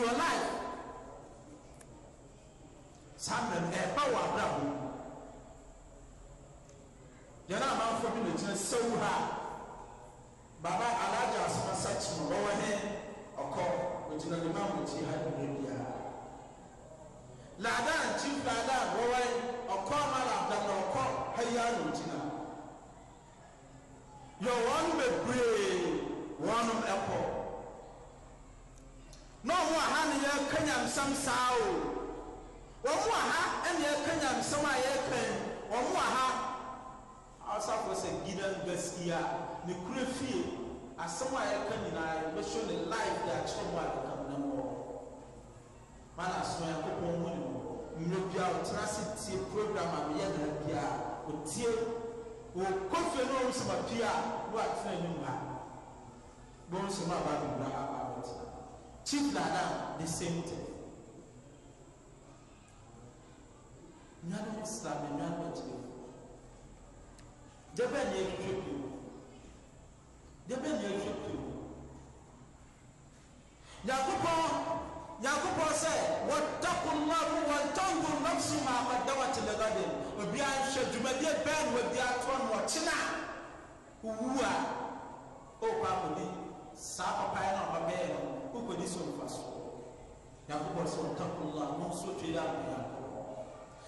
your life saa mmerɛ no ɛɛba wɔ abrabɔ mu yɛn a amanfoɔ bi na gyina sew ha baba alagye asoma sakyi no ɔwɔ he ɔkɔ ogyina ne ma mo gyi ha ne baabi a laadaa nkyi wɔwɔ he. nsɛm saa o wɔn wɔ ha ɛna ɛka nyamsɛm a yɛka yi wɔn wɔ ha asafo sɛ gidan gaskiya ne kura fie asɛm a yɛka nyinaa yɛbɛhyɛ ne life de akyerɛ mu a yɛka mu nam wɔ mana asoma yɛn kɔkɔɔ mu ne mu mmerɛ bia ɔtena ase tie program a meyɛ na bia ɔtie ɔkɔ fie na ɔmo soma pia na ɔatena anim ha bɔn soma aba ne wura ha aba ɔtena chief ladam the same thing. nuanom silamɛ nuanom akyirefo dɛbɛ nyɛ hwehwɛ pio dɛbɛ nyɛ hwehwɛ pio nyakopɔn nyakopɔn sɛ wɔtako mmaako wɔntɔngo nnɔmso ma akɔdawate lɛgade obiara nhwɛ dwumadie bɛn wɔ bi atoɔ no ɔkyena owu a ɔkɔ akɔdi saa papae na ɔba bɛyɛ no wokɔdi sɛ ɔmfa so nyakopɔn sɛ wɔtako mmaako nso twere akɔyɛ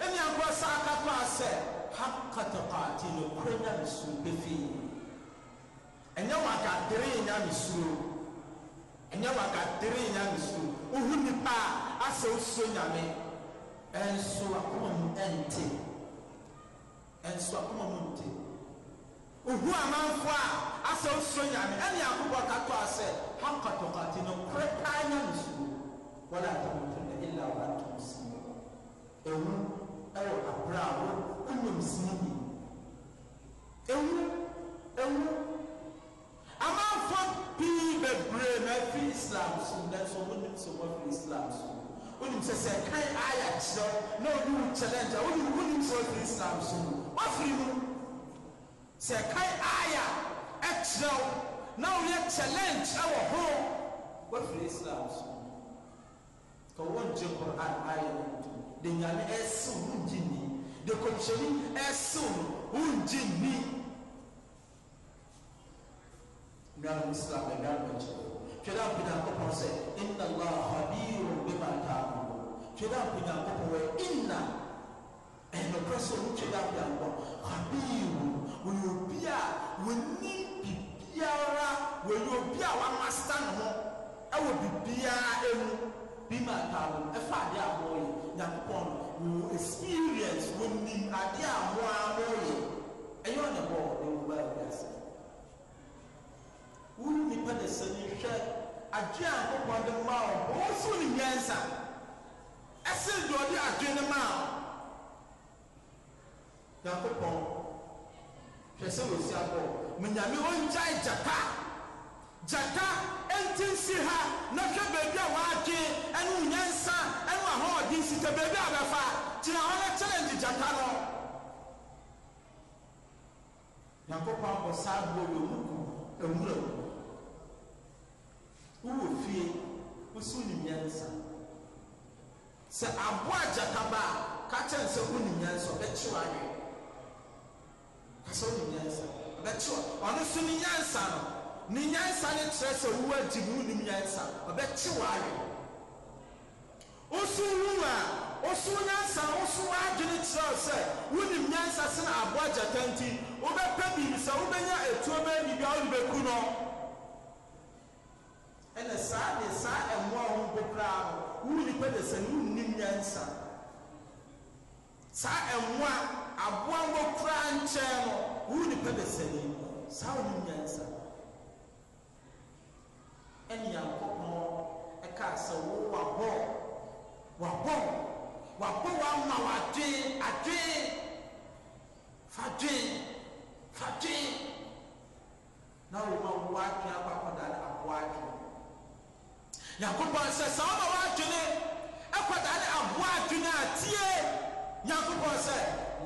ɛneankoa saa ka toa sɛ haka tokatilo kora nyamesuro bɛfii ɛnyɛ wagaderee nyamesuro ɛnyɛ wagaderee nyamesuro wohu nnipa a asɛ wosuo nyame ɛnso akoma mu ɛnte ɛnso akoma mu nte a asɛ nyame ha paa ɛwɔ akora a wo wonyam sini bi ewu ewu amanfo pii bebree na afiri islam so na nso wonim sɛ wɔafiri islam so wonim sɛ sɛ kan ayɛ kyerɛ na ɔde wo challenge a wonim wonim sɛ wɔafiri islam so wɔafiri mu sɛ kan ayɛ ɛkyerɛ na wɔyɛ challenge ɛwɔ ho wɔafiri islam so de nyame ɛsew wongye nni de kɔmhyɛni ɛsew no wongye nni nnuano muslam nnuano nkyɛ hwɛ dɛ ampo nyankopɔn sɛ inna allah khabirun bima taamulu hwɛ dɛ ampo nyankopɔn wɔ inna ɛnokorɛ sɛ ɔno hwɛ dɛ ampo nyankopɔn khabirun wɔyɛ obi a wɔni biribiara wɔyɛ obi a wamasta ne ho ɛwɔ biribiara mu bima taamulu ɛfa adeɛ a wɔyɛ nyankopɔn no experience wɔnim adeɛ a moa moyɛ ɛyɛ ɔne bɔɔ ne wo baa wiase wo nnipa ne sɛne hwɛ adwe a nkopɔn de ma wo bɔɔ so ne nyansa ɛsen deɛ ɔde adwe ne ma wo nyankopɔn hwɛ sɛ wɔsi abɔ menyame ɔngyae gyata gyata ɛnti nsi ha na hwɛ a waadwe ɛne wo nyansa ho ɔden si tɛ beebi a bɛfa gyina hɔ na challenge gyata no nyankopɔn abɔ saa aboɔ wɔ mu kɔ awura mu wowɔ fie wosow ne mmiɛnsa sɛ aboa gyata ba a ka kyɛn sɛ wo ne mmiɛnsa ɔbɛkyew awe ka sɛ wo ne mmiɛnsa ɔbɛkyew ɔno so ne nyansa no ne nyansa ne kyerɛ sɛ wo agyi ne wo ne mmiɛnsa ɔbɛkyew awe osu wu a osu nyansa woso adwene kyerɛw sɛ wonim nyansa se na abụọ gyata nti wobɛpɛ biribi sɛ wobɛnya atuo bɛyɛ biribi a wode bɛku no ɛnɛ saa de saa ɛmmoa ho mpo koraa no wo nipa de sɛ ne saa no nyankopɔn sɛ saa ɔma w'adwene ɛkɔda ne aboa adwene a tie nyankopɔn sɛ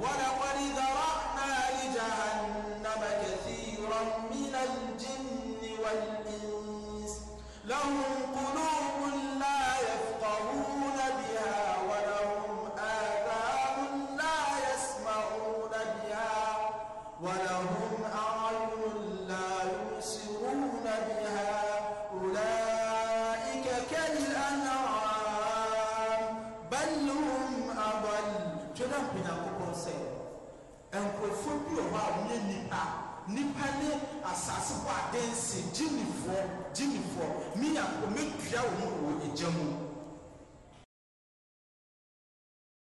ولقد ذرأنا لجهنم كثيرا من الجن والإنس لهم قلوب a nipa ne asase hɔ adansi gyinifoɔ gyinifoɔ mi yà kò mi tua wɔn wɔ egya mu.